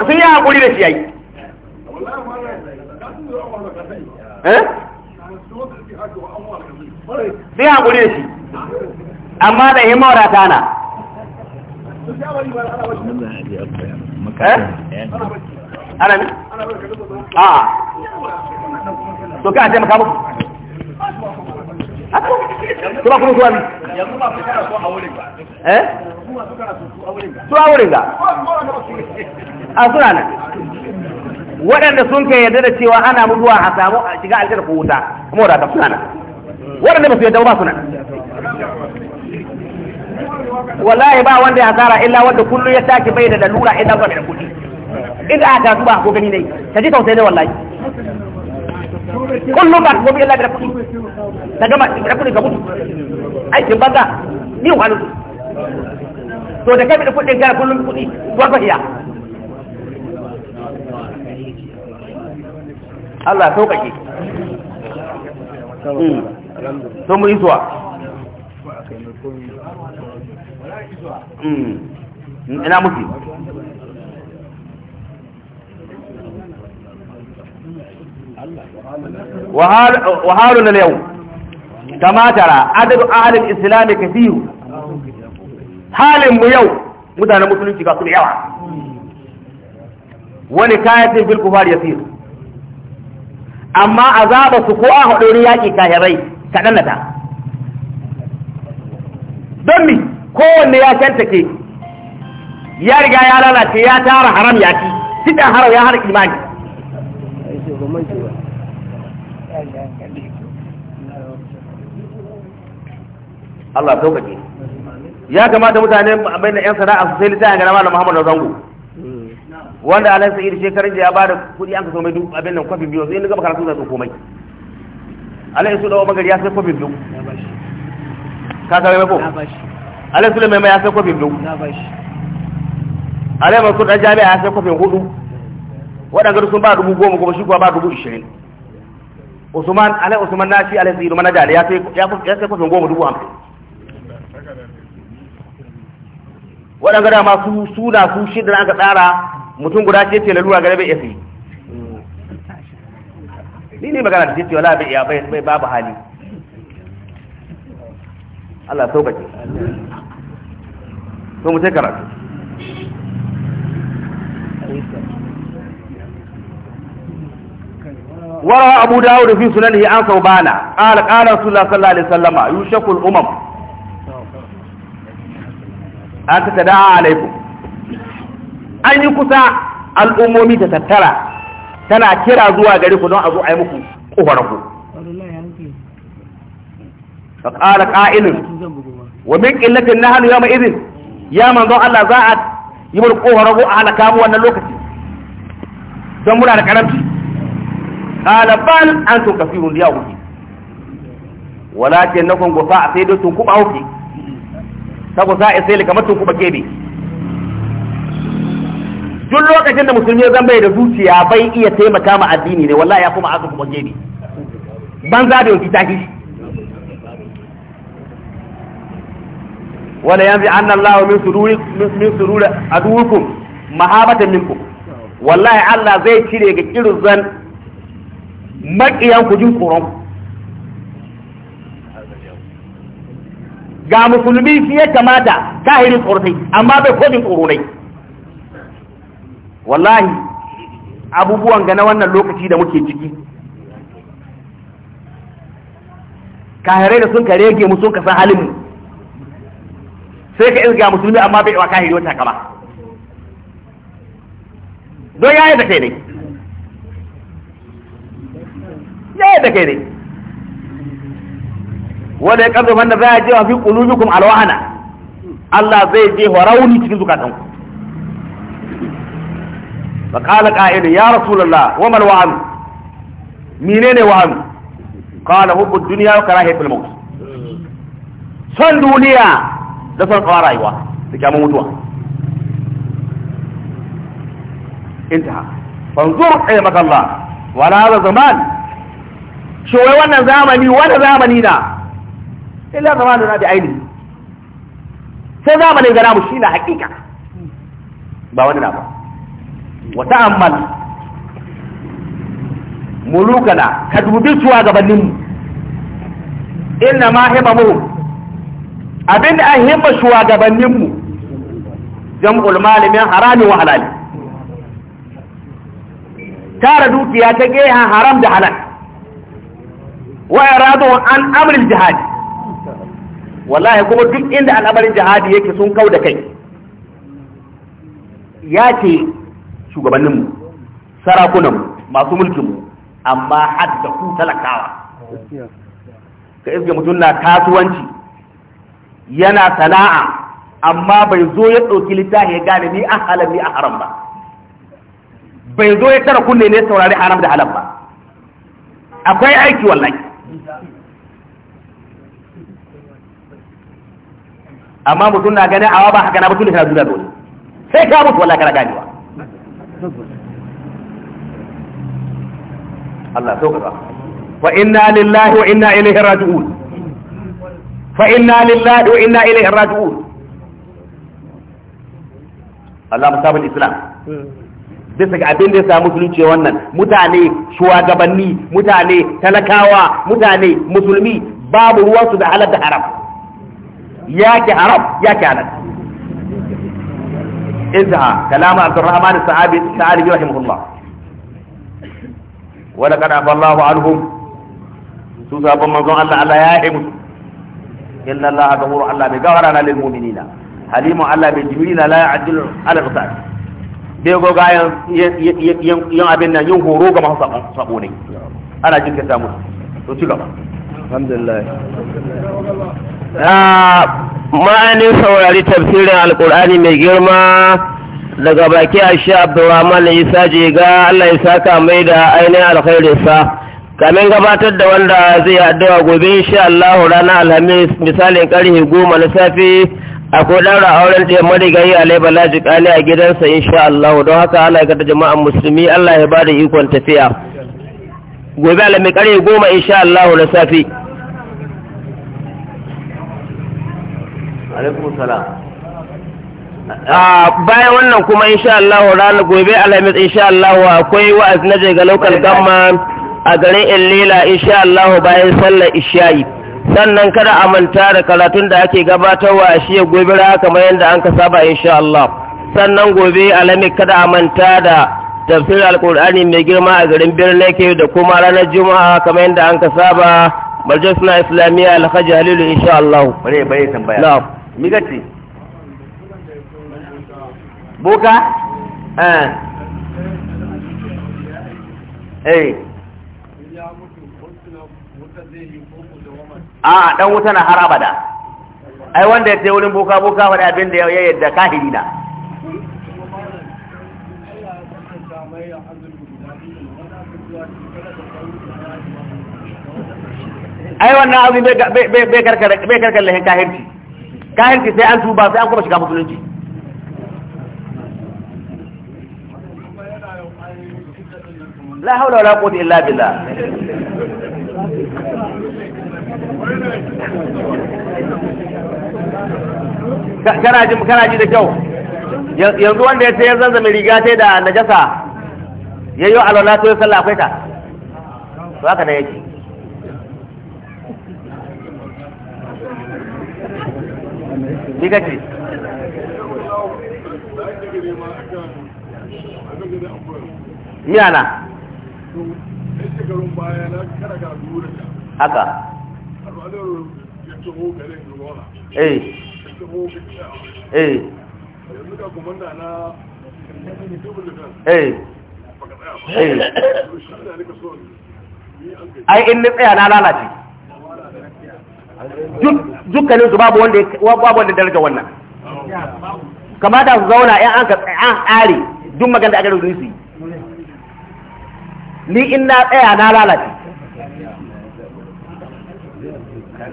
فيها قولي لك يا إيه؟ فيها قولي لك أما لهم وراتانا ana ne? a to ka ce maka muku to ba kuma zuwa ne yanzu su kana so a eh? su wurin ga a suna nan waɗanda sun kai yadda da cewa ana mutuwa a samu a shiga aljar ko wuta kuma wadata suna ne waɗanda ba su yarda ba suna nan wallahi ba wanda ya hasara illa wanda kullu ya tashi bai da lura idan ba da kudi idan aka su ba ko gani ne ta ji tausayi ne wallahi kullum ba ko illa da kudi ta gama da kudi ka mutu aikin banza ni wani to da kai da kuɗin gara kullum to ba iya Allah sauƙaƙe sun hmm. mu isuwa Hmm. ina muke وحالنا اليوم كما ترى عدد أهل الإسلام كثير halin mu yau mutanen musulunci ga su yawa wani kayatin bil kufar yasir amma azaba su ko a haɗori yaƙi kahirai kaɗan ta don mi kowanne ya ke ya riga ya lalace ya tara haram ya ci cikin haram ya har imani Allah sauƙaƙe ya kamata mutane a na 'yan sana'a su sai littafin ga nama da Muhammadu Zango wanda Alan Sa'id shekarun da ya bada kuɗi an kaso mai duk abin nan kwafi biyu sai ni gaba karatu da su komai Alan Isu dawo magari ya sai kwafi biyu ka sami mai ko alai sulaiman mai ya sai kofin biyu alai mansur dan jami'a ya sai kofin hudu waɗanda sun ba dubu goma goma shi kuwa ba dubu ishirin usman alai usman na shi alai tsiru manaja da ya sai kofin goma dubu hamsin waɗanda da masu suna su shida da aka tsara mutum guda ce ce lalura ga bai iya ni ne magana da ce wala ya bai babu hali Allah sauƙaƙe sun mu shekara su wara abu dawo da fi sunan yi an sau bana alƙalar su lasalla da sallama yi shakul umar an ta tada a alaikun an yi kusa al'ummomi ta tattara tana kira zuwa gari ku don a zo a yi muku ƙofarku ka ƙara ƙa'ilin wa min ƙillatin na hannu yamma izin ya manzon Allah za a yi mun kohoro a halaka mu wannan lokaci don muna da karamci qala bal antum kafirun ya huki walakin nakum gufa sai dai tun kuba huki sabo sai sai kamar tun kuba kebe duk lokacin da musulmi zan bai da zuciya bai iya taimaka ma addini ne wallahi ya kuma azu kuma gebe banza da yanki tashi wala yanzu an nan lawa min sururi min sururi adukum mahabatan minku wallahi Allah zai cire ga kirzan makiyan kujin jin tsoron ga musulmi shi ya kamata kahiri tsortai amma bai kodin tsoro wallahi abubuwan ga na wannan lokaci da muke ciki kahirai da sun ka rege mu sun ka san halin mu sai ka izga musulmi amma bai wa kahiri wata kama don yaya da kai ne yaya da kai ne wanda ya kamta wanda za a je jewa fi kulubikum alwahana Allah zai je wa rauni cikin zukatanku ba kala ka'ilu ya rasulullah wa mal wa'am menene wa'am qala hubbu dunya wa karahiyatul maut son duniya da son tsawon rayuwa da kyamun mutuwa intaha fanzur ayyamaka eh, Allah wala hada zaman shi wai wannan zamani wani zamani na illa zamanin na bi aini sai zamanin gana mu shi na hakika ba wani na ba wa ta'ammal mulukana ka dubi suwa gabanin mu inna ma himamuhum abin da an himma shugabanninmu jam'ul malamin harami wa halali tara dukiya ta gehen haram da halal wa iradu an amri jihad wallahi kuma duk inda al'amarin jihadi yake sun kau da kai ya ce shugabanninmu sarakunanmu masu mulkinmu amma hadda ku talakawa ka iske mutum na kasuwanci yana sana'a amma bai zo ya ɗauki littafi ya gane ni a halar ni a haram ba bai zo ya tara kunne ne saurari haram da halal ba akwai aiki wallahi amma mutum na gane awa ba haka na mutum da kana duna dole sai ka mutu wallahi kana ganewa Allah sauka wa inna lillahi wa inna ilaihi raji'un فإنا لله وإنا إليه راجعون Allah musabul Islam bisa ga abin da ya samu musulunci wannan mutane shugabanni mutane talakawa mutane musulmi babu ruwansu da halar da haram ya ki haram ya ki halar intaha kalama abdurrahman as-sahabi sa'ali rahimahullah wa laqad afa Allahu anhum su sabon manzon Allah Allah ya yi musu inna allaha ghafurun allah mai gawara na lil mu'minina halimu allah mai jibrila la ya'dilu ala al bai go ga yan abin nan yin horo ga masu sabo ne ana jin ka samu to ci gaba alhamdulillah ma'anin saurari tafsirin alƙur'ani mai girma daga baki a sha abdurrahman isa jiga allah ya saka mai da ainihin alkhairinsa kamin gabatar da wanda zai addu'a gobe insha Allah ranar alhamis misalin karfe goma na safe akwai ɗaura auren ɗaya marigayi a laibala jikali a gidansa insha Allah don haka Allah ya jama'an musulmi Allah ya bada ikon tafiya gobe alhamis karfe goma insha Allah na safe bayan wannan kuma insha Allah ranar gobe alhamis insha Allah akwai wa'azi na je ga local government a garin illela insha Allah bayan sallar isha'i sannan kada a manta da karatun da ake gabatarwa a shiya gobe ra kamar yadda an ka saba insha Allah sannan gobe alami kada a manta da tafsirin alqur'ani mai girma a garin birnin ke da kuma ranar juma'a kamar yadda an ka saba marjasuna islamiyya alhaji halilu insha Allah bare bare tambaya na'am gati boka eh eh a dan wuta na har abada ai wanda ya ce wurin boka boka wani abin da ya yadda kahiri na ai wannan abin bai karkar lahin kahirci kahirci sai an tuba sai an kuma shiga musulunci لا حول ولا quwwata illa بالله kana ji kana ji da kyau yanzu wanda ya ce ya zanzame riga ta da najasa yayyo alwala to sallah akwai ta to haka ne yake ni kace miyana haka eh. Eh. Eh. ai in ni tsaya na lalace dukkanin su babu wanda daraja wannan kamata su zauna yan an ka an are duk magana da aka rubuta su ni ina tsaya na lalace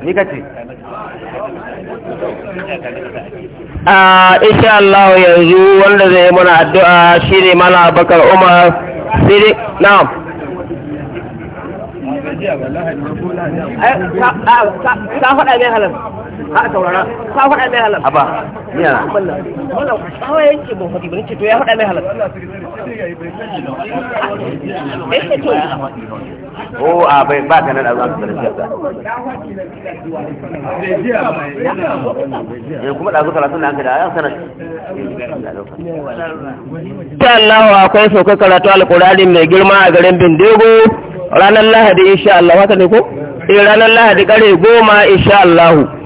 ni ka ce a insha Allah yanzu wanda zai yi mana addu'a shi ne mala bakar umar siri na ta faɗa ne halar a saurara ka faɗa mai halar haba wannan kawai ban faɗi bane ce to ya faɗa mai eh to o a bai ba zuwa da eh, kuma da zuwa ya sanar insha Allah akwai karatu mai girma a garin ranar Lahadi insha Allah haka ne ko eh ranar Lahadi kare goma insha Allah